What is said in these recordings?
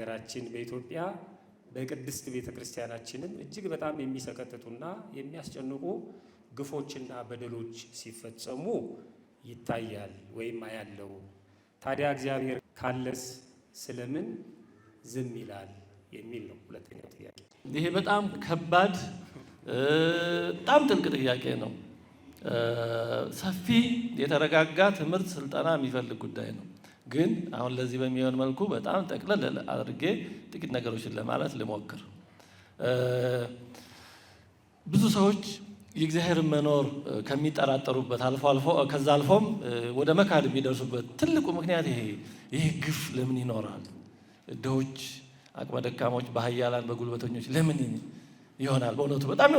በሀገራችን በኢትዮጵያ በቅድስት ቤተ ክርስቲያናችንም እጅግ በጣም የሚሰቀጥጡና የሚያስጨንቁ ግፎችና በደሎች ሲፈጸሙ ይታያል ወይም አያለው። ታዲያ እግዚአብሔር ካለስ ስለምን ዝም ይላል የሚል ነው ሁለተኛው ጥያቄ። ይሄ በጣም ከባድ በጣም ጥልቅ ጥያቄ ነው። ሰፊ የተረጋጋ ትምህርት፣ ስልጠና የሚፈልግ ጉዳይ ነው። ግን አሁን ለዚህ በሚሆን መልኩ በጣም ጠቅለል አድርጌ ጥቂት ነገሮችን ለማለት ልሞክር። ብዙ ሰዎች የእግዚአብሔርን መኖር ከሚጠራጠሩበት አልፎ አልፎ ከዛ አልፎም ወደ መካድ የሚደርሱበት ትልቁ ምክንያት ይሄ ይህ ግፍ ለምን ይኖራል? ድሆች፣ አቅመ ደካሞች፣ በሀያላን በጉልበተኞች ለምን ይሆናል። በእውነቱ በጣም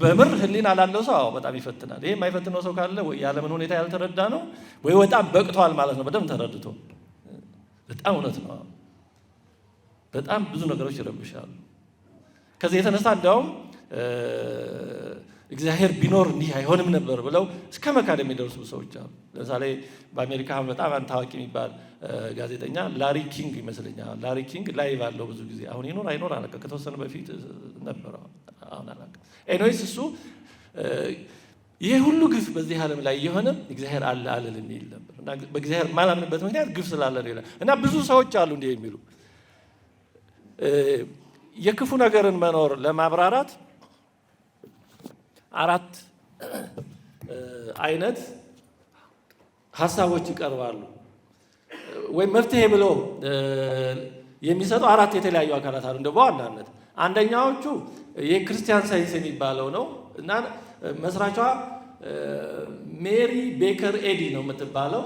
በምር ህሊና ላለው ሰው አዎ በጣም ይፈትናል። ይሄ የማይፈትነው ሰው ካለ ወይ ያለምን ሁኔታ ያልተረዳ ነው ወይ በጣም በቅቷል ማለት ነው። በደንብ ተረድቶ በጣም እውነት ነው። በጣም ብዙ ነገሮች ይረብሻሉ። ከዚህ የተነሳ እንዲያውም እግዚአብሔር ቢኖር እንዲህ አይሆንም ነበር ብለው እስከ መካድ የሚደርሱ ሰዎች አሉ። ለምሳሌ በአሜሪካ በጣም አንድ ታዋቂ የሚባል ጋዜጠኛ ላሪ ኪንግ ይመስለኛል። ላሪ ኪንግ ላይ ባለው ብዙ ጊዜ አሁን ይኖር አይኖር አላውቅም። ከተወሰነ በፊት ነበረ፣ አሁን አላውቅም። ኤኖይስ እሱ ይህ ሁሉ ግፍ በዚህ ዓለም ላይ የሆነ እግዚአብሔር አለ አለልን ይል ነበር እና በእግዚአብሔር ማላምንበት ምክንያት ግፍ ስላለ ነው ይላል እና ብዙ ሰዎች አሉ እንዲህ የሚሉ የክፉ ነገርን መኖር ለማብራራት አራት አይነት ሀሳቦች ይቀርባሉ። ወይም መፍትሄ ብሎ የሚሰጡ አራት የተለያዩ አካላት አሉ። እንደ በዋናነት አንደኛዎቹ የክርስቲያን ሳይንስ የሚባለው ነው እና መስራቿ ሜሪ ቤከር ኤዲ ነው የምትባለው።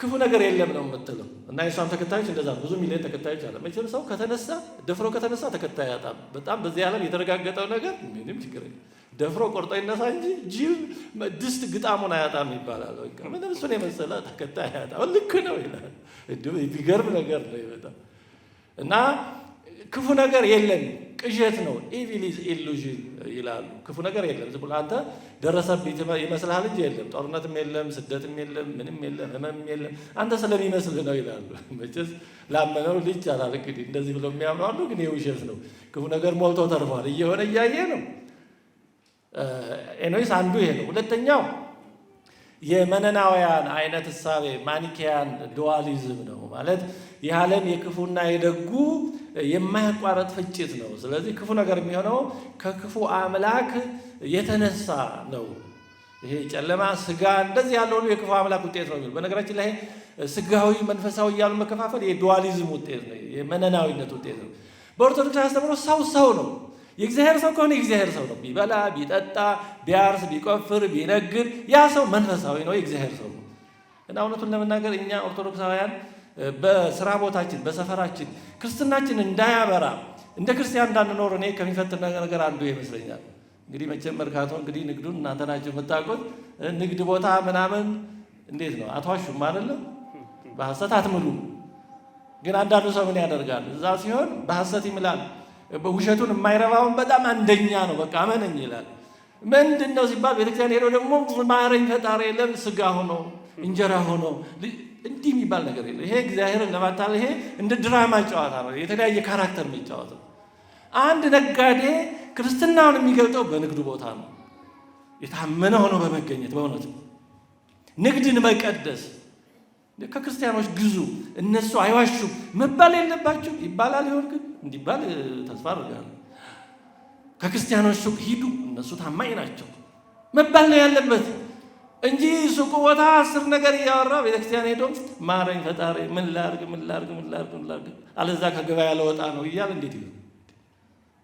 ክፉ ነገር የለም ነው የምትለው እና የእሷም ተከታዮች እንደዛ ብዙ ሚሊዮን ተከታዮች አለ። መቼም ሰው ከተነሳ ደፍሮ ከተነሳ ተከታይ ያጣም። በጣም በዚህ ዓለም የተረጋገጠው ነገር ምንም ችግር የለም። ደፍሮ ቆርጦ ይነሳ እንጂ ጅብ ድስት ግጣሙን አያጣም ይባላል። በቃ ምንም እሱን የመሰለ ተከታይ አያጣም። ልክ ነው ይላል። ነገር ነው ይመጣ እና ክፉ ነገር የለም ቅዠት ነው። ኢቪሊዝ ኢሉዥን ይላሉ። ክፉ ነገር የለም። ዝም ብሎ አንተ ደረሰብህ ይመስልሃል እንጂ የለም። ጦርነትም የለም፣ ስደትም የለም፣ ምንም የለም፣ ህመም የለም። አንተ ስለሚመስል ነው ይላሉ። መቼስ ላመነው ልጅ አላል እንግዲህ እንደዚህ ብሎ አሉ። ግን የውሸት ነው። ክፉ ነገር ሞልቶ ተርፏል። እየሆነ እያየ ነው ኤኖይስ አንዱ ይሄ ነው። ሁለተኛው የመነናውያን አይነት እሳቤ ማኒኪያን ዱዋሊዝም ነው። ማለት ይህ ዓለም የክፉና የደጉ የማያቋረጥ ፍጭት ነው። ስለዚህ ክፉ ነገር የሚሆነው ከክፉ አምላክ የተነሳ ነው። ይሄ ጨለማ ስጋ እንደዚህ ያለው ሁሉ የክፉ አምላክ ውጤት ነው። በነገራችን ላይ ስጋዊ መንፈሳዊ እያሉ መከፋፈል የዱዋሊዝም ውጤት ነው፣ የመነናዊነት ውጤት ነው። በኦርቶዶክስ አስተምሮ ሰው ሰው ነው የእግዚአብሔር ሰው ከሆነ የእግዚአብሔር ሰው ነው። ቢበላ፣ ቢጠጣ፣ ቢያርስ፣ ቢቆፍር፣ ቢነግድ ያ ሰው መንፈሳዊ ነው፣ የእግዚአብሔር ሰው ነው። እና እውነቱን ለመናገር እኛ ኦርቶዶክሳውያን በስራ ቦታችን፣ በሰፈራችን ክርስትናችን እንዳያበራ እንደ ክርስቲያን እንዳንኖር እኔ ከሚፈትን ነገር አንዱ ይመስለኛል። እንግዲህ መቼም መርካቶ እንግዲህ ንግዱን እናንተ ናቸው የምታውቁት። ንግድ ቦታ ምናምን እንዴት ነው አትዋሹም አይደለም? በሐሰት አትምሉ። ግን አንዳንዱ ሰው ምን ያደርጋል? እዛ ሲሆን በሐሰት ይምላል። ውሸቱን የማይረባውን በጣም አንደኛ ነው። በቃ አመነኝ ይላል። ምንድን ነው ሲባል ቤተክርስቲያን ሄደው ደግሞ ማረኝ ፈጣሪ የለም ስጋ ሆኖ እንጀራ ሆኖ እንዲህ የሚባል ነገር የለም። ይሄ እግዚአብሔርን ለማታለ ይሄ እንደ ድራማ ጨዋታ ነው። የተለያየ ካራክተር የሚጫወተው አንድ ነጋዴ ክርስትናውን የሚገልጠው በንግዱ ቦታ ነው። የታመነ ሆኖ በመገኘት በእውነት ንግድን መቀደስ ከክርስቲያኖች ግዙ፣ እነሱ አይዋሹ መባል የለባቸው ይባላል። ይሆን ግን እንዲባል ተስፋ አድርጋለሁ። ከክርስቲያኖች ሱቅ ሂዱ፣ እነሱ ታማኝ ናቸው መባል ነው ያለበት እንጂ ሱቁ ቦታ አስር ነገር እያወራ ቤተክርስቲያን ሄዶ ማረኝ ፈጣሪ ምን ላርግ ምን ላርግ ምን ላርግ ምን ላርግ አለዛ ከገበያ ያለወጣ ነው እያል እንዴት ይሆን?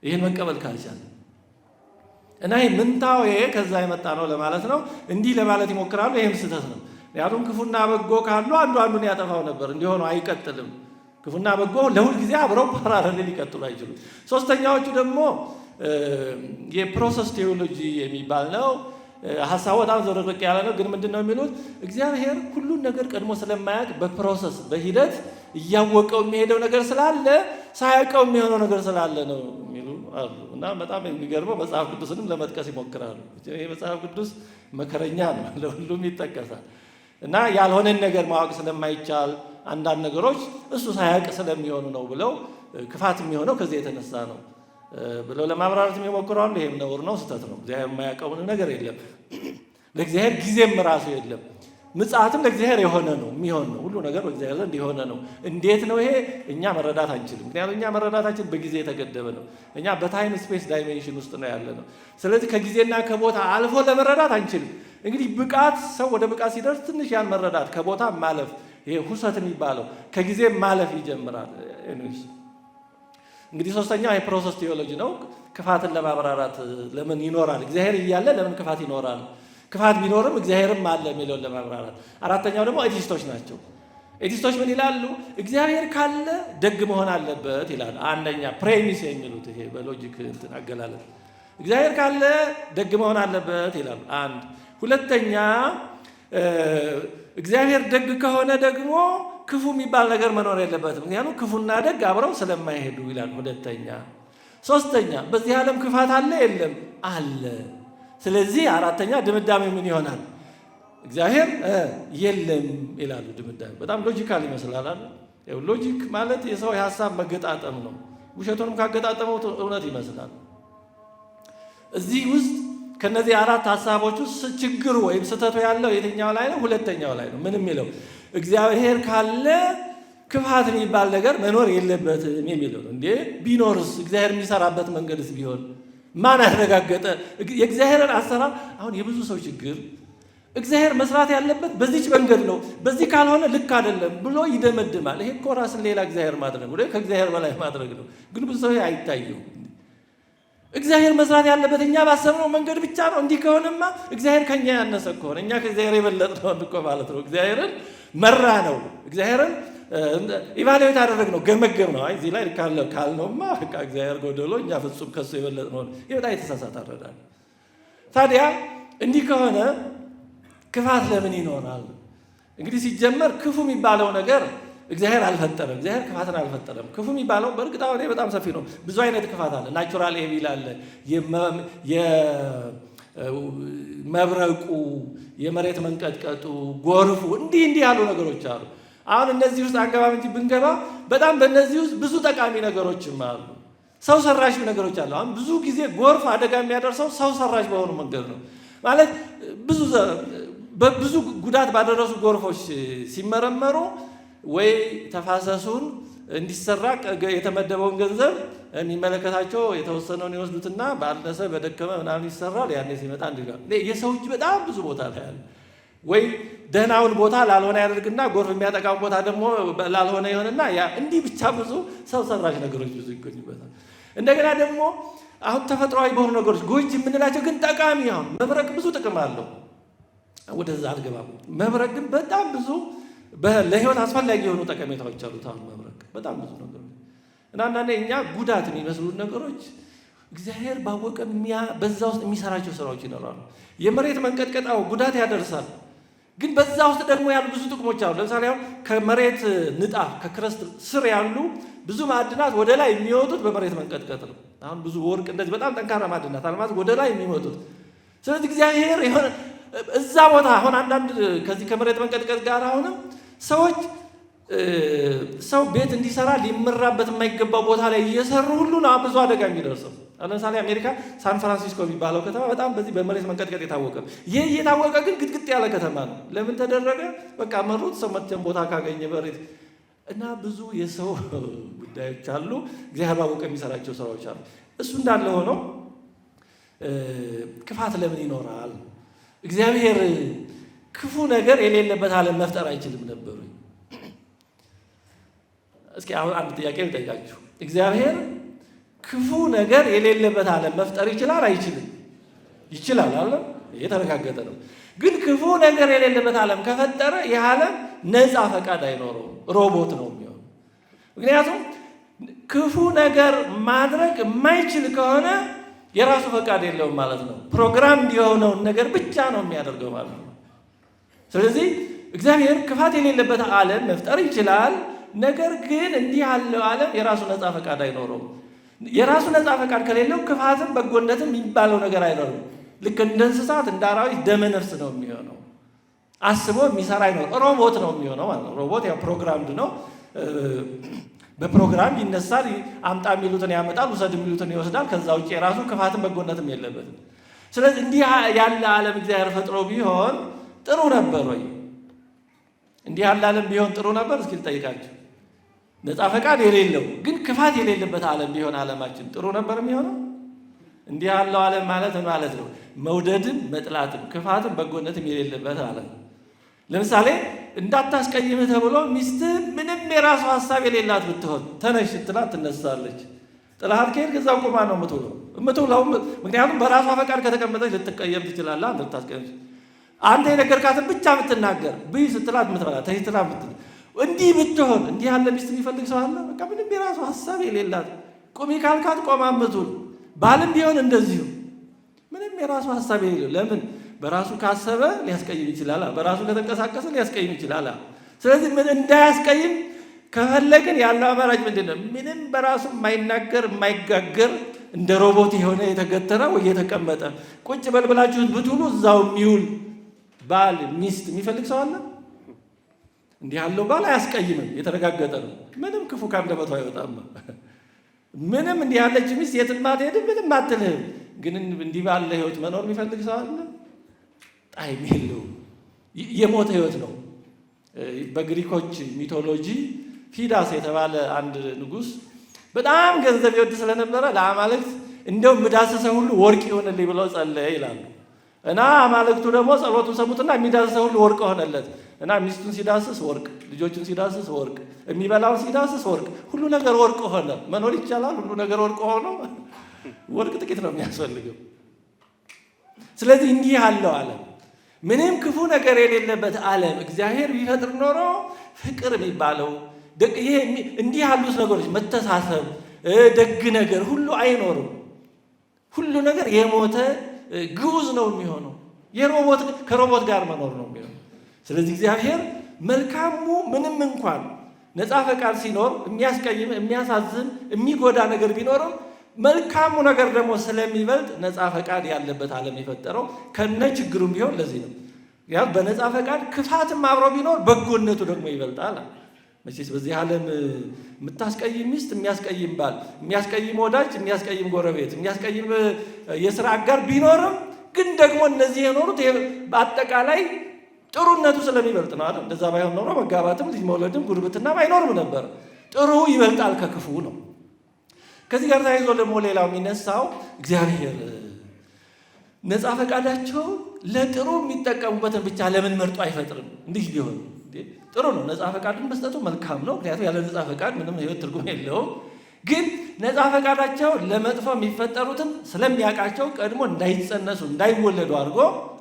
ይህን መቀበል ካልቻለ እና ምንታው ይሄ ከዛ የመጣ ነው ለማለት ነው እንዲህ ለማለት ይሞክራሉ። ይህም ስህተት ነው። ምክንያቱም ክፉና በጎ ካሉ አንዱ አንዱን ያጠፋው ነበር። እንዲሆነ አይቀጥልም። ክፉና በጎ ለሁል ጊዜ አብረው ፓራለል ሊቀጥሉ አይችሉም። ሶስተኛዎቹ ደግሞ የፕሮሰስ ቴዎሎጂ የሚባል ነው። ሀሳቡ በጣም ዘረረቅ ያለ ነው። ግን ምንድን ነው የሚሉት? እግዚአብሔር ሁሉን ነገር ቀድሞ ስለማያውቅ በፕሮሰስ በሂደት እያወቀው የሚሄደው ነገር ስላለ ሳያውቀው የሚሆነው ነገር ስላለ ነው የሚሉ አሉ። እና በጣም የሚገርመው መጽሐፍ ቅዱስንም ለመጥቀስ ይሞክራሉ። ይህ መጽሐፍ ቅዱስ መከረኛ ነው፣ ለሁሉም ይጠቀሳል። እና ያልሆነን ነገር ማወቅ ስለማይቻል አንዳንድ ነገሮች እሱ ሳያውቅ ስለሚሆኑ ነው ብለው ክፋት የሚሆነው ከዚህ የተነሳ ነው ብለው ለማብራራት የሚሞክረዋሉ። ይሄም ነውር ነው፣ ስህተት ነው። እግዚአብሔር የማያውቀውን ነገር የለም። ለእግዚአብሔር ጊዜም ራሱ የለም። ምጽአትም ለእግዚአብሔር የሆነ ነው የሚሆን ነው። ሁሉ ነገር በእግዚአብሔር ዘንድ የሆነ ነው። እንዴት ነው ይሄ? እኛ መረዳት አንችልም። ምክንያቱም እኛ መረዳታችን በጊዜ የተገደበ ነው። እኛ በታይም ስፔስ ዳይሜንሽን ውስጥ ነው ያለ ነው። ስለዚህ ከጊዜና ከቦታ አልፎ ለመረዳት አንችልም። እንግዲህ ብቃት ሰው ወደ ብቃት ሲደርስ ትንሽ ያን መረዳት ከቦታ ማለፍ ይሄ ሁሰት የሚባለው ከጊዜ ማለፍ ይጀምራል። እንግዲህ ሶስተኛው ፕሮሰስ ቴዎሎጂ ነው። ክፋትን ለማብራራት ለምን ይኖራል? እግዚአብሔር እያለ ለምን ክፋት ይኖራል? ክፋት ቢኖርም እግዚአብሔርም አለ የሚለውን ለማብራራት። አራተኛው ደግሞ ኤቲስቶች ናቸው። ኤቲስቶች ምን ይላሉ? እግዚአብሔር ካለ ደግ መሆን አለበት ይላሉ። አንደኛ ፕሬሚስ የሚሉት ይሄ በሎጂክ እንትን አገላለጥ እግዚአብሔር ካለ ደግ መሆን አለበት ይላሉ። አንድ ሁለተኛ እግዚአብሔር ደግ ከሆነ ደግሞ ክፉ የሚባል ነገር መኖር የለበትም። ምክንያቱም ክፉና ደግ አብረው ስለማይሄዱ ይላል። ሁለተኛ ሶስተኛ፣ በዚህ ዓለም ክፋት አለ የለም? አለ ስለዚህ አራተኛ ድምዳሜ ምን ይሆናል? እግዚአብሔር የለም ይላሉ። ድምዳሜ በጣም ሎጂካል ይመስላል። ሎጂክ ማለት የሰው የሀሳብ መገጣጠም ነው። ውሸቱንም ካገጣጠመው እውነት ይመስላል። እዚህ ውስጥ ከነዚህ አራት ሀሳቦች ውስጥ ችግሩ ወይም ስህተቱ ያለው የትኛው ላይ ነው? ሁለተኛው ላይ ነው። ምን የሚለው እግዚአብሔር ካለ ክፋት የሚባል ነገር መኖር የለበትም የሚለው እንዴ፣ ቢኖርስ እግዚአብሔር የሚሰራበት መንገድስ ቢሆን ማን አረጋገጠ? የእግዚአብሔርን አሰራር አሁን የብዙ ሰው ችግር እግዚአብሔር መስራት ያለበት በዚች መንገድ ነው፣ በዚህ ካልሆነ ልክ አይደለም ብሎ ይደመድማል። ይሄ እኮ ራስን ሌላ እግዚአብሔር ማድረግ ወይ ከእግዚአብሔር በላይ ማድረግ ነው። ግን ብዙ ሰው አይታየው። እግዚአብሔር መስራት ያለበት እኛ ባሰብነው መንገድ ብቻ ነው። እንዲህ ከሆነማ እግዚአብሔር ከኛ ያነሰ ከሆነ እኛ ከእግዚአብሔር የበለጥነው እኮ ማለት ነው። እግዚአብሔርን መራ ነው እግዚአብሔርን ኢቫሌዊት አደረግ ነው ገመገብ ነው። እዚህ ላይ ካለ ካልነውማ በቃ እግዚአብሔር ጎደሎ፣ እኛ ፍጹም ከሱ የበለጥ ነው። ይህ በጣም የተሳሳተ ታዲያ እንዲህ ከሆነ ክፋት ለምን ይኖራል? እንግዲህ ሲጀመር ክፉ የሚባለው ነገር እግዚአብሔር አልፈጠረም። እግዚአብሔር ክፋትን አልፈጠረም። ክፉ የሚባለው በእርግጥ አሁን በጣም ሰፊ ነው። ብዙ አይነት ክፋት አለ። ናቹራል ኤቪል አለ፣ የመሬት መንቀጥቀጡ፣ ጎርፉ፣ እንዲህ እንዲህ ያሉ ነገሮች አሉ። አሁን እነዚህ ውስጥ አንገባም ብንገባ በጣም በእነዚህ ውስጥ ብዙ ጠቃሚ ነገሮችም አሉ። ሰው ሰራሽ ነገሮች አሉ። አሁን ብዙ ጊዜ ጎርፍ አደጋ የሚያደርሰው ሰው ሰራሽ በሆኑ መንገድ ነው። ማለት ብዙ በብዙ ጉዳት ባደረሱ ጎርፎች ሲመረመሩ ወይ ተፋሰሱን እንዲሰራ የተመደበውን ገንዘብ የሚመለከታቸው የተወሰነውን ይወስዱትና ባነሰ በደከመ ምናምን ይሰራል። ያኔ ሲመጣ እንዲ የሰው እጅ በጣም ብዙ ቦታ ላይ ወይ ደህናውን ቦታ ላልሆነ ያደርግና ጎርፍ የሚያጠቃውን ቦታ ደግሞ ላልሆነ ይሆንና ያ እንዲህ ብቻ ብዙ ሰው ሰራሽ ነገሮች ብዙ ይገኙበታል። እንደገና ደግሞ አሁን ተፈጥሯዊ በሆኑ ነገሮች ጎጂ የምንላቸው ግን ጠቃሚ ሁን መብረቅ ብዙ ጥቅም አለው። ወደዛ አልገባም። መብረቅ ግን በጣም ብዙ ለህይወት አስፈላጊ የሆኑ ጠቀሜታዎች አሉት። አሁን መብረቅ በጣም ብዙ ነገሮች እና አንዳንዴ እኛ ጉዳት የሚመስሉት ነገሮች እግዚአብሔር ባወቀ በዛ ውስጥ የሚሰራቸው ስራዎች ይኖራሉ። የመሬት መንቀጥቀጣው ጉዳት ያደርሳል ግን በዛ ውስጥ ደግሞ ያሉ ብዙ ጥቅሞች አሉ። ለምሳሌ አሁን ከመሬት ንጣፍ ከክረስት ስር ያሉ ብዙ ማዕድናት ወደ ላይ የሚወጡት በመሬት መንቀጥቀጥ ነው። አሁን ብዙ ወርቅ፣ እንደዚህ በጣም ጠንካራ ማዕድናት፣ አልማዝ ወደ ላይ የሚወጡት ስለዚህ እግዚአብሔር የሆነ እዛ ቦታ አሁን አንዳንድ ከዚህ ከመሬት መንቀጥቀጥ ጋር አሁንም ሰዎች ሰው ቤት እንዲሰራ ሊመራበት የማይገባው ቦታ ላይ እየሰሩ ሁሉ ነው ብዙ አደጋ የሚደርሰው። ለምሳሌ አሜሪካ ሳን ፍራንሲስኮ የሚባለው ከተማ በጣም በዚህ በመሬት መንቀጥቀጥ የታወቀ ይህ እየታወቀ ግን ግጥግጥ ያለ ከተማ ነው። ለምን ተደረገ? በቃ መሩት። ሰው መቼም ቦታ ካገኘ መሬት እና ብዙ የሰው ጉዳዮች አሉ። እግዚአብሔር ባወቀ የሚሰራቸው ስራዎች አሉ። እሱ እንዳለ ሆኖ ክፋት ለምን ይኖራል? እግዚአብሔር ክፉ ነገር የሌለበት ዓለም መፍጠር አይችልም ነበሩ። እስኪ አሁን አንድ ጥያቄ ልጠይቃችሁ እግዚአብሔር ክፉ ነገር የሌለበት ዓለም መፍጠር ይችላል አይችልም? ይችላል አለ። የተረጋገጠ ነው። ግን ክፉ ነገር የሌለበት ዓለም ከፈጠረ ይህ ዓለም ነፃ ፈቃድ አይኖረውም፣ ሮቦት ነው የሚሆን። ምክንያቱም ክፉ ነገር ማድረግ የማይችል ከሆነ የራሱ ፈቃድ የለውም ማለት ነው። ፕሮግራም የሆነውን ነገር ብቻ ነው የሚያደርገው ማለት ነው። ስለዚህ እግዚአብሔር ክፋት የሌለበት ዓለም መፍጠር ይችላል። ነገር ግን እንዲህ ያለው ዓለም የራሱ ነፃ ፈቃድ አይኖረውም። የራሱ ነፃ ፈቃድ ከሌለው ክፋትም በጎነትም የሚባለው ነገር አይኖርም። ልክ እንደ እንስሳት እንደ አራዊት ደመ ነፍስ ነው የሚሆነው። አስቦ የሚሰራ አይኖር ሮቦት ነው የሚሆነው ማለት ነው። ሮቦት ያው ፕሮግራምድ ነው። በፕሮግራም ይነሳል። አምጣ የሚሉትን ያመጣል፣ ውሰድ የሚሉትን ይወስዳል። ከዛ ውጭ የራሱ ክፋትም በጎነትም የለበትም። ስለዚህ እንዲህ ያለ ዓለም እግዚአብሔር ፈጥሮ ቢሆን ጥሩ ነበር ወይ? እንዲህ ያለ ዓለም ቢሆን ጥሩ ነበር? እስኪ ልጠይቃቸው ነፃ ፈቃድ የሌለው ግን ክፋት የሌለበት ዓለም ቢሆን ዓለማችን ጥሩ ነበር የሚሆነው። እንዲህ ያለው ዓለም ማለት ማለት ነው መውደድም መጥላትም ክፋትም በጎነትም የሌለበት ዓለም። ለምሳሌ እንዳታስቀይምህ ተብሎ ሚስትህ ምንም የራሱ ሀሳብ የሌላት ብትሆን ተነሽ ስትላት ትነሳለች። ጥላሃት ከሄድክ እዛ ቁማ ነው የምትውለው የምትውለው። ምክንያቱም በራሷ ፈቃድ ከተቀመጠች ልትቀየም ትችላለህ። አንተ ልታስቀየም አንተ የነገርካትን ብቻ የምትናገር ብይ ስትላት ምትበላ ተይ ስትላት እንዲህ ብትሆን እንዲህ ያለ ሚስት የሚፈልግ ሰው አለ? በቃ ምንም የራሱ ሀሳብ የሌላት ቁሚ ካልካት ቆማ ምትውል። ባልም ቢሆን እንደዚሁ ምንም የራሱ ሀሳብ የሌለው ለምን በራሱ ካሰበ ሊያስቀይም ይችላል። በራሱ ከተንቀሳቀሰ ሊያስቀይም ይችላል። ስለዚህ ምን እንዳያስቀይም ከፈለግን ያለው አማራጭ ምንድን ነው? ምንም በራሱ የማይናገር የማይጋገር እንደ ሮቦት የሆነ የተገተረ ወይ የተቀመጠ ቁጭ በልብላችሁት ብትሉ እዛው የሚውል ባል ሚስት የሚፈልግ ሰው አለ? እንዲህ ያለው ባል አያስቀይምም፣ የተረጋገጠ ነው። ምንም ክፉ ካንደበቱ አይወጣም። ምንም እንዲህ ያለች ሚስት የትም አትሄድም፣ ምንም አትልህም። ግን እንዲህ ባለ ህይወት መኖር የሚፈልግ ሰው አለ? ጣይም የለውም። የሞተ ህይወት ነው። በግሪኮች ሚቶሎጂ ፊዳስ የተባለ አንድ ንጉሥ በጣም ገንዘብ ይወድ ስለነበረ ለአማልክት እንደው ምዳሰሰ ሁሉ ወርቅ ይሆንልኝ ብለው ጸለየ ይላሉ። እና አማልክቱ ደግሞ ጸሎቱን ሰሙትና የሚዳሰሰ ሁሉ ወርቅ ሆነለት። እና ሚስቱን ሲዳስስ ወርቅ፣ ልጆቹን ሲዳስስ ወርቅ፣ የሚበላውን ሲዳስስ ወርቅ፣ ሁሉ ነገር ወርቅ ሆነ። መኖር ይቻላል። ሁሉ ነገር ወርቅ ሆኖ ወርቅ ጥቂት ነው የሚያስፈልገው። ስለዚህ እንዲህ ያለው ዓለም ምንም ክፉ ነገር የሌለበት ዓለም እግዚአብሔር ቢፈጥር ኖሮ ፍቅር የሚባለው ይሄ እንዲህ ያሉት ነገሮች መተሳሰብ፣ ደግ ነገር ሁሉ አይኖርም። ሁሉ ነገር የሞተ ግዑዝ ነው የሚሆነው። የሮቦት ከሮቦት ጋር መኖር ነው ስለዚህ እግዚአብሔር መልካሙ ምንም እንኳን ነፃ ፈቃድ ሲኖር የሚያስቀይም፣ የሚያሳዝን፣ የሚጎዳ ነገር ቢኖርም መልካሙ ነገር ደግሞ ስለሚበልጥ ነፃ ፈቃድ ያለበት ዓለም የፈጠረው ከነ ችግሩም ቢሆን ለዚህ ነው። ያ በነፃ ፈቃድ ክፋትም አብሮ ቢኖር በጎነቱ ደግሞ ይበልጣል። መቼስ በዚህ ዓለም የምታስቀይም ሚስት፣ የሚያስቀይም ባል፣ የሚያስቀይም ወዳጅ፣ የሚያስቀይም ጎረቤት፣ የሚያስቀይም የስራ አጋር ቢኖርም ግን ደግሞ እነዚህ የኖሩት በአጠቃላይ ጥሩነቱ ስለሚበልጥ ነው አይደል? እንደዛ ባይሆን ኖሮ መጋባትም ልጅ መውለድም ጉርብትናም አይኖርም ነበር። ጥሩ ይበልጣል ከክፉ ነው። ከዚህ ጋር ተያይዞ ደግሞ ሌላው የሚነሳው እግዚአብሔር ነፃ ፈቃዳቸው ለጥሩ የሚጠቀሙበትን ብቻ ለምን መርጦ አይፈጥርም? እንዲህ ሊሆን ጥሩ ነው። ነፃ ፈቃድን መስጠቱ መልካም ነው። ምክንያቱም ያለ ነፃ ፈቃድ ምንም ህይወት ትርጉም የለውም። ግን ነፃ ፈቃዳቸው ለመጥፎ የሚፈጠሩትን ስለሚያውቃቸው ቀድሞ እንዳይጸነሱ እንዳይወለዱ አድርጎ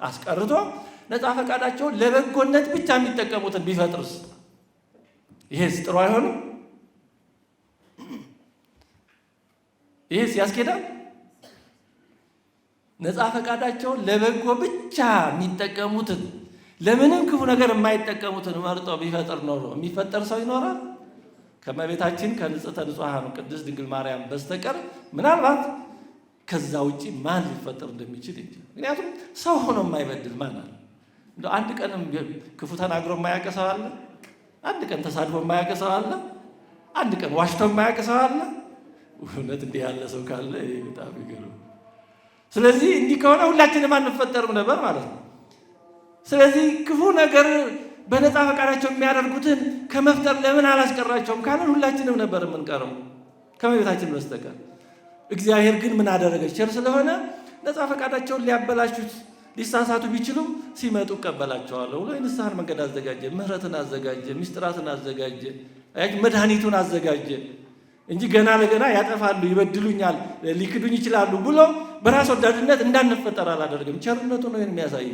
አስቀርቶ ነፃ ፈቃዳቸውን ለበጎነት ብቻ የሚጠቀሙትን ቢፈጥሩስ ይሄስ ጥሩ አይሆንም? ይሄስ ያስኬዳል? ነፃ ፈቃዳቸውን ለበጎ ብቻ የሚጠቀሙትን ለምንም ክፉ ነገር የማይጠቀሙትን መርጦ ቢፈጥር ኖሮ የሚፈጠር ሰው ይኖራል? ከመቤታችን ከንጽሕተ ንጹሐን ቅድስት ድንግል ማርያም በስተቀር ምናልባት ከዛ ውጭ ማን ሊፈጠር እንደሚችል እንጂ ምክንያቱም ሰው ሆኖ የማይበድል ማን አለ? አንድ ቀንም ክፉ ተናግሮ የማያውቅ ሰው አለ? አንድ ቀን ተሳድቦ የማያውቅ ሰው አለ? አንድ ቀን ዋሽቶ የማያውቅ ሰው አለ? እውነት እንዲህ ያለ ሰው ካለ በጣም ይገርም። ስለዚህ እንዲህ ከሆነ ሁላችንም አንፈጠርም ነበር ማለት ነው። ስለዚህ ክፉ ነገር በነፃ ፈቃዳቸው የሚያደርጉትን ከመፍጠር ለምን አላስቀራቸውም ካለን ሁላችንም ነበር የምንቀረው ከመቤታችን በስተቀር። እግዚአብሔር ግን ምን አደረገ ቸር ስለሆነ ነፃ ፈቃዳቸውን ሊያበላሹት ሊሳሳቱ ቢችሉ ሲመጡ እቀበላቸዋለሁ ብሎ የንስሐን መንገድ አዘጋጀ፣ ምህረትን አዘጋጀ፣ ሚስጥራትን አዘጋጀ፣ መድኃኒቱን አዘጋጀ እንጂ ገና ለገና ያጠፋሉ፣ ይበድሉኛል፣ ሊክዱኝ ይችላሉ ብሎ በራስ ወዳድነት እንዳንፈጠር አላደርግም። ቸርነቱ ነው የሚያሳየ።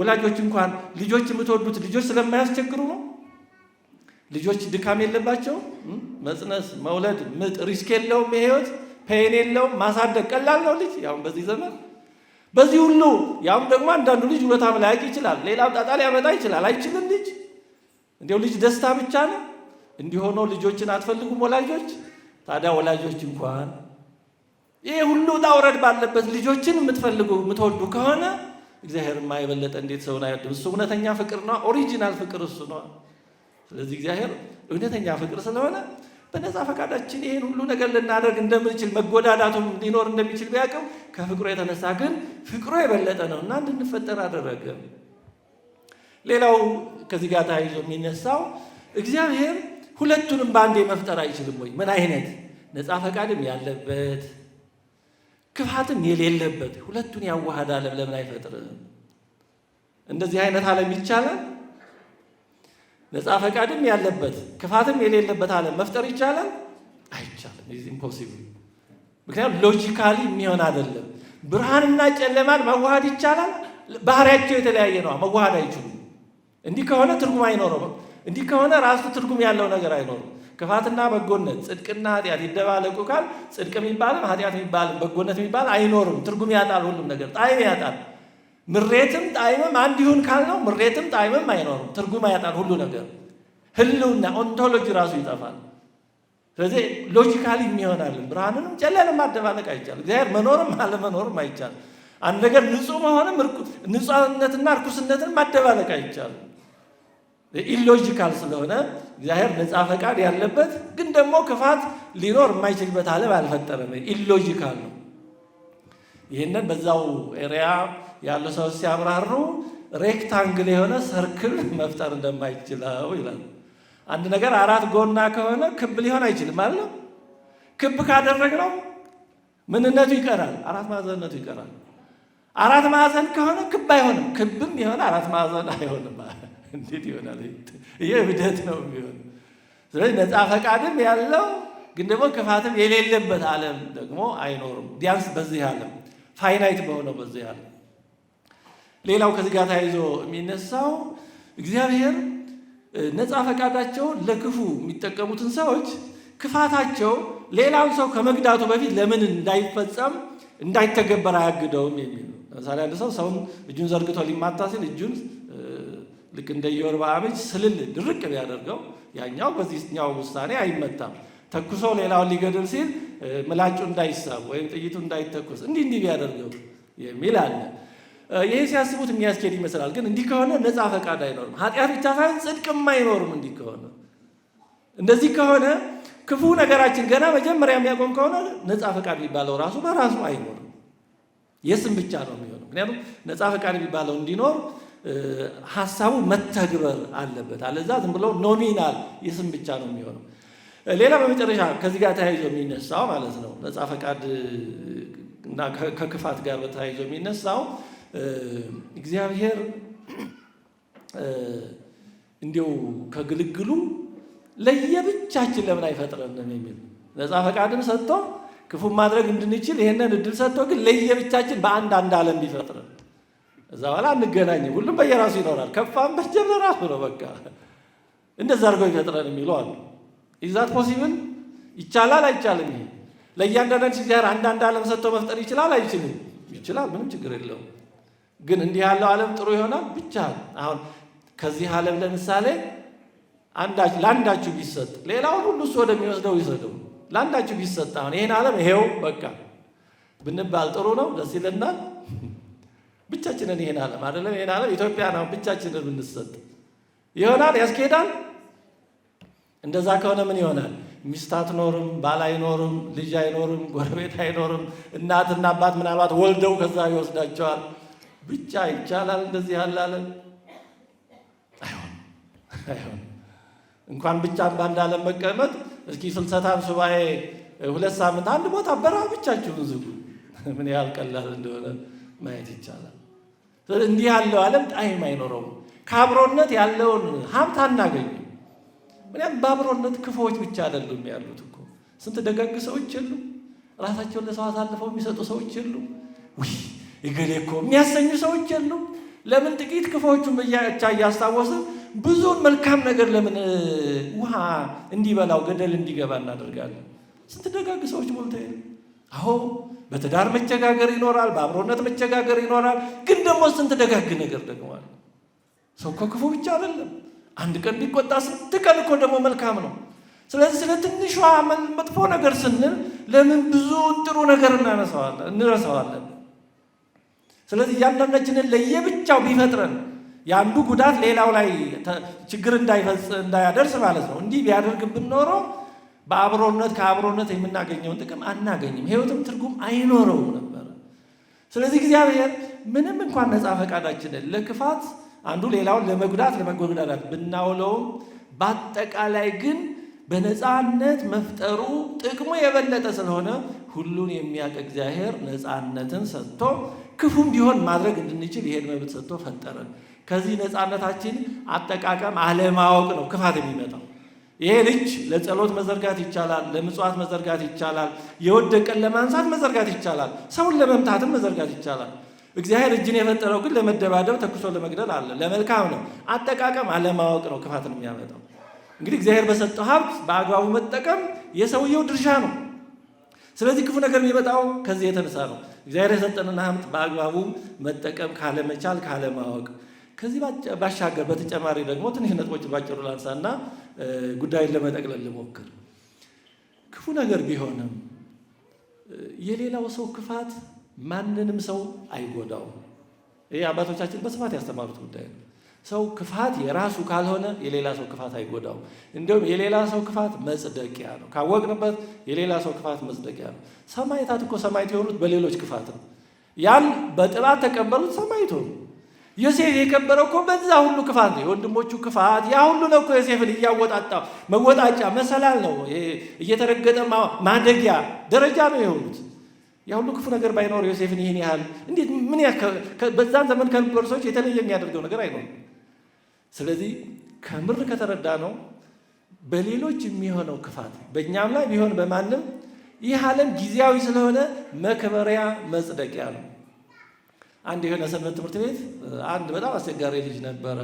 ወላጆች እንኳን ልጆች የምትወዱት ልጆች ስለማያስቸግሩ ነው። ልጆች ድካም የለባቸው። መጽነስ፣ መውለድ፣ ምጥ ሪስክ የለውም። የህይወት ፔን የለውም። ማሳደግ ቀላል ነው። ልጅ ያሁን በዚህ ዘመን በዚህ ሁሉ ያም ደግሞ አንዳንዱ ልጅ ውለታም ላያውቅ ይችላል። ሌላም ጣጣ ሊያመጣ ይችላል። አይችልም ልጅ እንዲው ልጅ ደስታ ብቻ ነው። እንዲሆነ ልጆችን አትፈልጉም ወላጆች? ታዲያ ወላጆች እንኳን ይህ ሁሉ ውጣ ውረድ ባለበት ልጆችን የምትፈልጉ የምትወዱ ከሆነ እግዚአብሔርማ የበለጠ እንዴት ሰውን አይወድም? እሱ እውነተኛ ፍቅር ነው። ኦሪጂናል ፍቅር እሱ ነው። ስለዚህ እግዚአብሔር እውነተኛ ፍቅር ስለሆነ በነፃ ፈቃዳችን ይህን ሁሉ ነገር ልናደርግ እንደምንችል መጎዳዳቱም ሊኖር እንደሚችል ቢያውቅም ከፍቅሮ የተነሳ ግን ፍቅሮ የበለጠ ነው እና እንድንፈጠር አደረገ። ሌላው ከዚህ ጋር ተያይዞ የሚነሳው እግዚአብሔር ሁለቱንም በአንዴ መፍጠር አይችልም ወይ? ምን አይነት ነፃ ፈቃድም ያለበት ክፋትም የሌለበት ሁለቱን ያዋሃድ ዓለም ለምን አይፈጥርም? እንደዚህ አይነት ዓለም ይቻላል? ነፃ ፈቃድም ያለበት ክፋትም የሌለበት ዓለም መፍጠር ይቻላል? አይቻልም። ኢዝ ኢምፖሲብል። ምክንያቱም ሎጂካሊ የሚሆን አይደለም። ብርሃንና ጨለማን መዋሃድ ይቻላል? ባህሪያቸው የተለያየ ነው። መዋሃድ አይችሉም። እንዲህ ከሆነ ትርጉም አይኖረም እንዲህ ከሆነ ራሱ ትርጉም ያለው ነገር አይኖርም። ክፋትና በጎነት፣ ጽድቅና ኃጢአት ይደባለቁ ካል ጽድቅ የሚባልም ኃጢአት የሚባልም በጎነት የሚባል አይኖርም። ትርጉም ያጣል። ሁሉም ነገር ጣዕም ያጣል። ምሬትም ጣይምም አንድ ይሁን ካልነው ምሬትም ጣዕምም አይኖርም። ትርጉም ያጣል ሁሉ ነገር ህልውና ኦንቶሎጂ ራሱ ይጠፋል። ስለዚህ ሎጂካሊ የሚሆናልን ብርሃንንም ጨለንም ማደባለቅ አይቻልም። እግዚአብሔር መኖርም አለመኖርም አይቻልም። አንድ ነገር ንጹህ መሆንም ንጹህነትና እርኩስነትን ማደባለቅ አይቻልም። ኢሎጂካል ስለሆነ እግዚአብሔር ነፃ ፈቃድ ያለበት ግን ደግሞ ክፋት ሊኖር የማይችልበት ዓለም አልፈጠረም። ኢሎጂካል ነው። ይህንን በዛው ኤሪያ ያሉ ሰው ሲያብራሩ ሬክታንግል የሆነ ሰርክል መፍጠር እንደማይችለው ይላሉ። አንድ ነገር አራት ጎና ከሆነ ክብ ሊሆን አይችልም አለ። ክብ ካደረግነው ምንነቱ ይቀራል፣ አራት ማዕዘንነቱ ይቀራል። አራት ማዕዘን ከሆነ ክብ አይሆንም፣ ክብም የሆነ አራት ማዕዘን አይሆንም። እንዴት ይሆናል? ይህ እብደት ነው የሚሆን። ስለዚህ ነፃ ፈቃድም ያለው ግን ደግሞ ክፋትም የሌለበት ዓለም ደግሞ አይኖርም። ቢያንስ በዚህ ዓለም ፋይናይት በሆነው በዚህ ዓለም ሌላው ከዚህ ጋር ተያይዞ የሚነሳው እግዚአብሔር ነፃ ፈቃዳቸው ለክፉ የሚጠቀሙትን ሰዎች ክፋታቸው ሌላውን ሰው ከመግዳቱ በፊት ለምን እንዳይፈጸም እንዳይተገበር አያግደውም የሚል ለምሳሌ አንድ ሰው ሰውን እጁን ዘርግቶ ሊማታ ሲል እጁን ልክ እንደ ኢዮርብዓም እጅ ስልል ድርቅ ቢያደርገው ያኛው በዚህኛው ውሳኔ አይመታም። ተኩሶ ሌላውን ሊገድል ሲል ምላጩ እንዳይሳብ ወይም ጥይቱ እንዳይተኩስ እንዲህ እንዲህ ቢያደርገው የሚል አለ። ይሄ ሲያስቡት የሚያስኬድ ይመስላል። ግን እንዲህ ከሆነ ነፃ ፈቃድ አይኖርም። ኃጢአት ብቻ ሳይሆን ጽድቅም አይኖርም። እንዲህ ከሆነ እንደዚህ ከሆነ ክፉ ነገራችን ገና መጀመሪያ የሚያቆም ከሆነ ነፃ ፈቃድ የሚባለው ራሱ በራሱ አይኖርም። የስም ብቻ ነው የሚሆነው። ምክንያቱም ነፃ ፈቃድ የሚባለው እንዲኖር ሀሳቡ መተግበር አለበት። አለዛ ዝም ብሎ ኖሚናል የስም ብቻ ነው የሚሆነው። ሌላ በመጨረሻ ከዚህ ጋር ተያይዞ የሚነሳው ማለት ነው ነፃ ፈቃድ እና ከክፋት ጋር ተያይዞ የሚነሳው እግዚአብሔር እንዲው ከግልግሉ ለየብቻችን ለምን አይፈጥረንም የሚል ነፃ ፈቃድን ሰጥቶ ክፉን ማድረግ እንድንችል ይህንን እድል ሰጥቶ ግን ለየብቻችን በአንድ አንድ ዓለም ቢፈጥረን እዛ በኋላ አንገናኝም። ሁሉም በየራሱ ይኖራል። ከፋም በጀም ራሱ ነው። በቃ እንደዛ አድርጎ ይፈጥረን የሚሉ አሉ። ኢዛት ፖሲብል ይቻላል አይቻልም? ይሄ ለእያንዳንዳችን እግዚአብሔር አንዳንድ ዓለም ሰጥቶ መፍጠር ይችላል አይችልም? ይችላል። ምንም ችግር የለውም። ግን እንዲህ ያለው ዓለም ጥሩ ይሆናል ብቻ አሁን ከዚህ ዓለም ለምሳሌ ለአንዳችሁ ቢሰጥ ሌላውን ሁሉ እሱ ወደሚወስደው ይሰደው። ለአንዳችሁ ቢሰጥ አሁን ይህን ዓለም ይሄው በቃ ብንባል ጥሩ ነው፣ ደስ ይለናል። ብቻችንን ይህን ዓለም አይደለም ይህን ዓለም ኢትዮጵያ ነው ብቻችንን ብንሰጥ ይሆናል፣ ያስኬዳል። እንደዛ ከሆነ ምን ይሆናል? ሚስት አትኖርም፣ ባል አይኖርም፣ ልጅ አይኖርም፣ ጎረቤት አይኖርም። እናትና አባት ምናልባት ወልደው ከዛ ይወስዳቸዋል። ብቻ ይቻላል። እንደዚህ ያላለን አይሆን እንኳን ብቻ በአንድ ዓለም መቀመጥ እስኪ ፍልሰታም ሱባኤ ሁለት ሳምንት አንድ ቦታ በረሃ ብቻችሁን ዝጉ። ምን ያህል ቀላል እንደሆነ ማየት ይቻላል። እንዲህ ያለው አለም ጣይም አይኖረውም። ከአብሮነት ያለውን ሀብት አናገኙ ምክንያቱም በአብሮነት ክፉዎች ብቻ አይደሉም ያሉት እኮ ስንት ደጋግ ሰዎች የሉ፣ ራሳቸውን ለሰው አሳልፈው የሚሰጡ ሰዎች የሉ። እገሌ እኮ የሚያሰኙ ሰዎች የሉም። ለምን ጥቂት ክፉዎቹን ብቻ እያስታወሰ ብዙውን መልካም ነገር ለምን ውሃ እንዲበላው ገደል እንዲገባ እናደርጋለን? ስንት ደጋግ ሰዎች ሞልተ አሁ በትዳር መቸጋገር ይኖራል፣ በአብሮነት መቸጋገር ይኖራል። ግን ደግሞ ስንት ደጋግ ነገር ደግሟል። ሰው እኮ ክፉ ብቻ አይደለም። አንድ ቀን ቢቆጣ ስንት ቀን እኮ ደግሞ መልካም ነው። ስለዚህ ስለ ትንሿ መጥፎ ነገር ስንል ለምን ብዙ ጥሩ ነገር እናነሰዋለን እንረሰዋለን? ስለዚህ እያንዳንዳችንን ለየብቻው ቢፈጥረን የአንዱ ጉዳት ሌላው ላይ ችግር እንዳያደርስ ማለት ነው። እንዲህ ቢያደርግ ኖሮ በአብሮነት ከአብሮነት የምናገኘውን ጥቅም አናገኝም፣ ህይወትም ትርጉም አይኖረውም ነበር። ስለዚህ እግዚአብሔር ምንም እንኳን ነፃ ፈቃዳችንን ለክፋት አንዱ ሌላውን ለመጉዳት ለመጎዳዳት ብናውለውም በአጠቃላይ ግን በነፃነት መፍጠሩ ጥቅሙ የበለጠ ስለሆነ ሁሉን የሚያውቅ እግዚአብሔር ነፃነትን ሰጥቶ ክፉም ቢሆን ማድረግ እንድንችል ይሄን መብት ሰጥቶ ፈጠረን። ከዚህ ነፃነታችን አጠቃቀም አለማወቅ ነው ክፋት የሚመጣው። ይሄ ልጅ ለጸሎት መዘርጋት ይቻላል፣ ለምጽዋት መዘርጋት ይቻላል፣ የወደቀን ለማንሳት መዘርጋት ይቻላል፣ ሰውን ለመምታትም መዘርጋት ይቻላል። እግዚአብሔር እጅን የፈጠረው ግን ለመደባደብ ተኩሶ ለመግደል አለ። ለመልካም ነው። አጠቃቀም አለማወቅ ነው ክፋትን የሚያመጣው። እንግዲህ እግዚአብሔር በሰጠው ሀብት በአግባቡ መጠቀም የሰውየው ድርሻ ነው። ስለዚህ ክፉ ነገር የሚመጣው ከዚህ የተነሳ ነው። እግዚአብሔር የሰጠንን ሀብት በአግባቡ መጠቀም ካለመቻል፣ ካለማወቅ ከዚህ ባሻገር በተጨማሪ ደግሞ ትንሽ ነጥቦች ባጭሩ ላንሳና ጉዳይን ለመጠቅለል ልሞክር። ክፉ ነገር ቢሆንም የሌላው ሰው ክፋት ማንንም ሰው አይጎዳው። ይህ አባቶቻችን በስፋት ያስተማሩት ጉዳይ ነው። ሰው ክፋት የራሱ ካልሆነ የሌላ ሰው ክፋት አይጎዳው። እንዲሁም የሌላ ሰው ክፋት መጽደቂያ ነው። ካወቅንበት የሌላ ሰው ክፋት መጽደቂያ ነው። ሰማይታት እኮ ሰማይት የሆኑት በሌሎች ክፋት ነው። ያን በጥላት ተቀበሉት ሰማይት ሆኑ። ዮሴፍ የከበረው እኮ በዛ ሁሉ ክፋት ነው። የወንድሞቹ ክፋት ያ ሁሉ ነው እኮ ዮሴፍን እያወጣጣ መወጣጫ መሰላል ነው። እየተረገጠ ማደጊያ ደረጃ ነው የሆኑት። ያ ሁሉ ክፉ ነገር ባይኖር ዮሴፍን ይህን ያህል እንዴት ምን በዛን ዘመን ከነበሩ ሰዎች የተለየ የሚያደርገው ነገር አይኖርም። ስለዚህ ከምር ከተረዳ ነው በሌሎች የሚሆነው ክፋት በእኛም ላይ ቢሆን በማንም ይህ ዓለም ጊዜያዊ ስለሆነ መክበሪያ መጽደቂያ ነው። አንድ የሆነ ሰንበት ትምህርት ቤት አንድ በጣም አስቸጋሪ ልጅ ነበረ።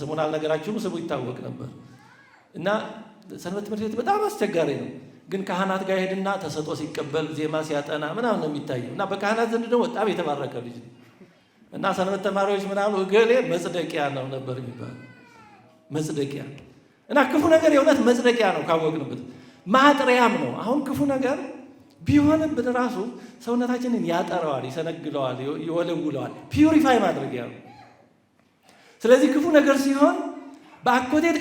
ስሙን አልነገራችሁም፣ ስሙ ይታወቅ ነበር እና ሰንበት ትምህርት ቤት በጣም አስቸጋሪ ነው። ግን ካህናት ጋር ሄድና ተሰጦ ሲቀበል ዜማ ሲያጠና ምናምን ነው የሚታየው እና በካህናት ዘንድ ደግሞ በጣም የተባረከ ልጅ ነው እና ሰንበት ተማሪዎች ምናሉ እገሌ መጽደቂያ ነው ነበር የሚባል መጽደቂያ እና ክፉ ነገር የእውነት መጽደቂያ ነው ካወቅንበት፣ ማጥሪያም ነው። አሁን ክፉ ነገር ቢሆንብን ራሱ ሰውነታችንን ያጠረዋል፣ ይሰነግለዋል፣ ይወለውለዋል። ፒውሪፋይ ማድረጊያ ነው። ስለዚህ ክፉ ነገር ሲሆን በአኮቴት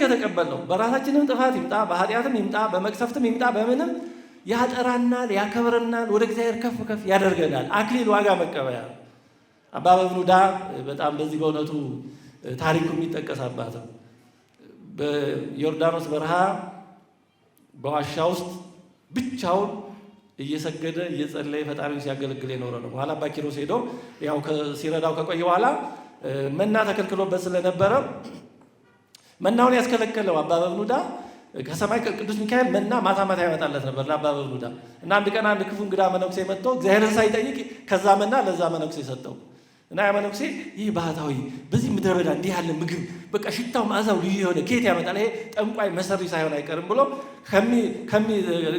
ነው በራሳችንም ጥፋት ይምጣ በኃጢአትም ይምጣ በመቅሰፍትም ይምጣ በምንም ያጠራናል፣ ያከብረናል፣ ወደ እግዚአብሔር ከፍ ከፍ ያደርገናል። አክሊል ዋጋ መቀበያ ነው። አባ መብኑዳ በጣም በዚህ በእውነቱ ታሪኩ የሚጠቀስ አባት ነው። በዮርዳኖስ በረሃ በዋሻ ውስጥ ብቻውን እየሰገደ እየጸለየ ፈጣሪውን ሲያገለግል የኖረ ነው። በኋላ አባ ኪሮስ ሄዶ ያው ሲረዳው ከቆየ በኋላ መና ተከልክሎበት ስለነበረ መናውን ያስከለከለው አባ በብኑዳ ከሰማይ ቅዱስ ሚካኤል መና ማታ ማታ ያመጣለት ነበር ለአባ በብኑዳ እና አንድ ቀን አንድ ክፉ እንግዳ መነኩሴ መጥቶ እግዚአብሔርን ሳይጠይቅ ከዛ መና ለዛ መነኩሴ ሰጠው። እና ያመነኩሴ ይህ ባህታዊ በዚህ ምድረ በዳ እንዲህ ያለ ምግብ በቃ ሽታው መዓዛው ልዩ የሆነ ኬት ያመጣል? ይሄ ጠንቋይ መሰሪ ሳይሆን አይቀርም ብሎ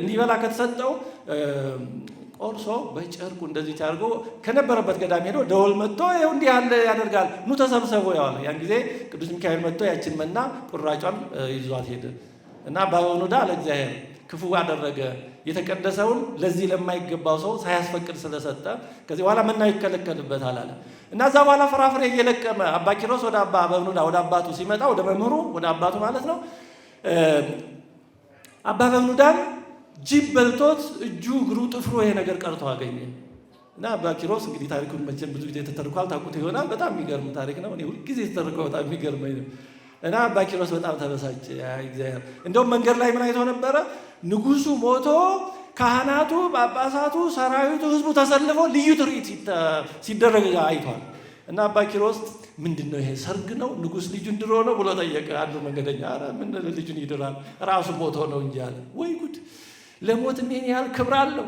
እንዲበላ ከተሰጠው ቆርሶ በጨርቁ እንደዚህ አድርጎ ከነበረበት ገዳም ሄዶ ደወል መጥቶ ይኸው እንዲህ ያለ ያደርጋል ኑ ተሰብሰቡ ያዋለ። ያን ጊዜ ቅዱስ ሚካኤል መጥቶ ያችን መና ቁራጯን ይዟት ሄደ እና በአሁኑ ዳ ለእግዚአብሔር ክፉ አደረገ። የተቀደሰውን ለዚህ ለማይገባው ሰው ሳያስፈቅድ ስለሰጠ ከዚህ በኋላ መና ይከለከልበታል አለ። እና እዛ በኋላ ፍራፍሬ እየለቀመ አባ ኪሮስ ወደ አባ በብኑዳ ወደ አባቱ ሲመጣ ወደ መምህሩ ወደ አባቱ ማለት ነው። አባ በብኑዳን ጅብ በልቶት እጁ እግሩ ጥፍሮ ይሄ ነገር ቀርቶ አገኘ። እና አባ ኪሮስ እንግዲህ ታሪኩን መቼም ብዙ ጊዜ ተተርኳል፣ ታውቁት ይሆናል። በጣም የሚገርም ታሪክ ነው። እኔ ሁልጊዜ ተተርከው በጣም የሚገርመኝ ነው። እና አባ ኪሮስ በጣም ተበሳጭ። እግዚአብሔር እንደውም መንገድ ላይ ምን አይቶ ነበረ ንጉሱ ሞቶ ካህናቱ፣ ጳጳሳቱ፣ ሰራዊቱ፣ ህዝቡ ተሰልፎ ልዩ ትርኢት ሲደረግ አይቷል። እና አባ ኪሮስ ምንድን ነው ይሄ ሰርግ ነው? ንጉሥ ልጁን ድሮ ነው ብሎ ጠየቀ። አንዱ መንገደኛ ኧረ ምን ልጁን ይድራል ራሱ ሞቶ ነው እንጂ አለ። ወይ ጉድ! ለሞት ይህን ያህል ክብር አለው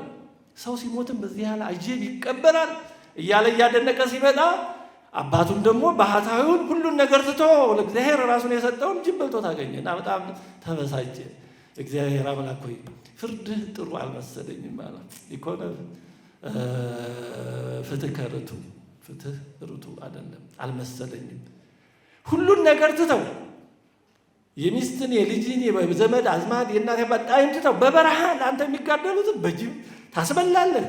ሰው ሲሞትም በዚህ ያህል አጀብ ይቀበላል እያለ እያደነቀ ሲመጣ አባቱም ደግሞ ባህታዊውን ሁሉን ነገር ትቶ ለእግዚአብሔር ራሱን የሰጠውን ጅብ በልቶ ታገኘ እና በጣም ተበሳጨ። እግዚአብሔር አምላክ ሆይ ፍርድህ ጥሩ አልመሰለኝም አለ። ኢኮነ ፍትህ ከርቱ ፍትህ ርቱ አይደለም አልመሰለኝም። ሁሉን ነገር ትተው የሚስትን የልጅን የዘመድ አዝማድ የእናት አባት ትተው በበረሃ ለአንተ የሚጋደሉትን በጅብ ታስበላለህ።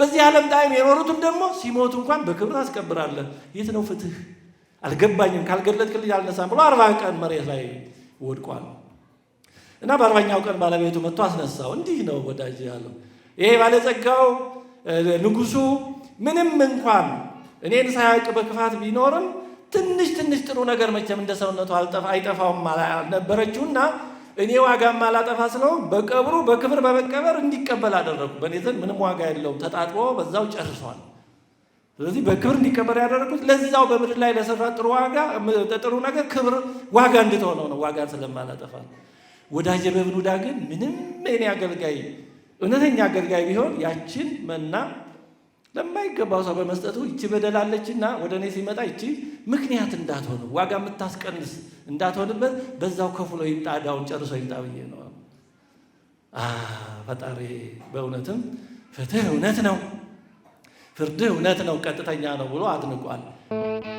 በዚህ ዓለም ጣይም የኖሩትን ደግሞ ሲሞቱ እንኳን በክብር ታስቀብራለህ። የት ነው ፍትህ? አልገባኝም። ካልገለጥክልኝ አልነሳም ብሎ አርባ ቀን መሬት ላይ ወድቋል። እና በአርባኛው ቀን ባለቤቱ መጥቶ አስነሳው። እንዲህ ነው ወዳጅ ያለው ይሄ ባለጸጋው ንጉሱ ምንም እንኳን እኔን ሳያውቅ በክፋት ቢኖርም ትንሽ ትንሽ ጥሩ ነገር መቼም እንደ ሰውነቱ አይጠፋውም አልነበረችውና እኔ ዋጋም አላጠፋ ስለው በቀብሩ በክብር በመቀበር እንዲቀበል አደረጉ። በእኔ ዘንድ ምንም ዋጋ የለውም ተጣጥቦ በዛው ጨርሷል። ስለዚህ በክብር እንዲቀበር ያደረጉት ለዛው በምድር ላይ ለሰራ ጥሩ ዋጋ ጥሩ ነገር ክብር ዋጋ እንድትሆነው ነው። ዋጋን ስለማላጠፋ ወዳጀ በብኑዳ ግን ምንም እኔ አገልጋይ እውነተኛ አገልጋይ ቢሆን ያችን መና ለማይገባው ሰው በመስጠቱ ይቺ በደላለችና ወደ እኔ ሲመጣ ይቺ ምክንያት እንዳትሆኑ ዋጋ የምታስቀንስ እንዳትሆንበት በዛው ከፍሎ ይምጣ ዕዳውን ጨርሶ ይምጣ ብዬ ነው። ፈጣሪ በእውነትም ፍትህ እውነት ነው፣ ፍርድህ እውነት ነው፣ ቀጥተኛ ነው ብሎ አድንቋል።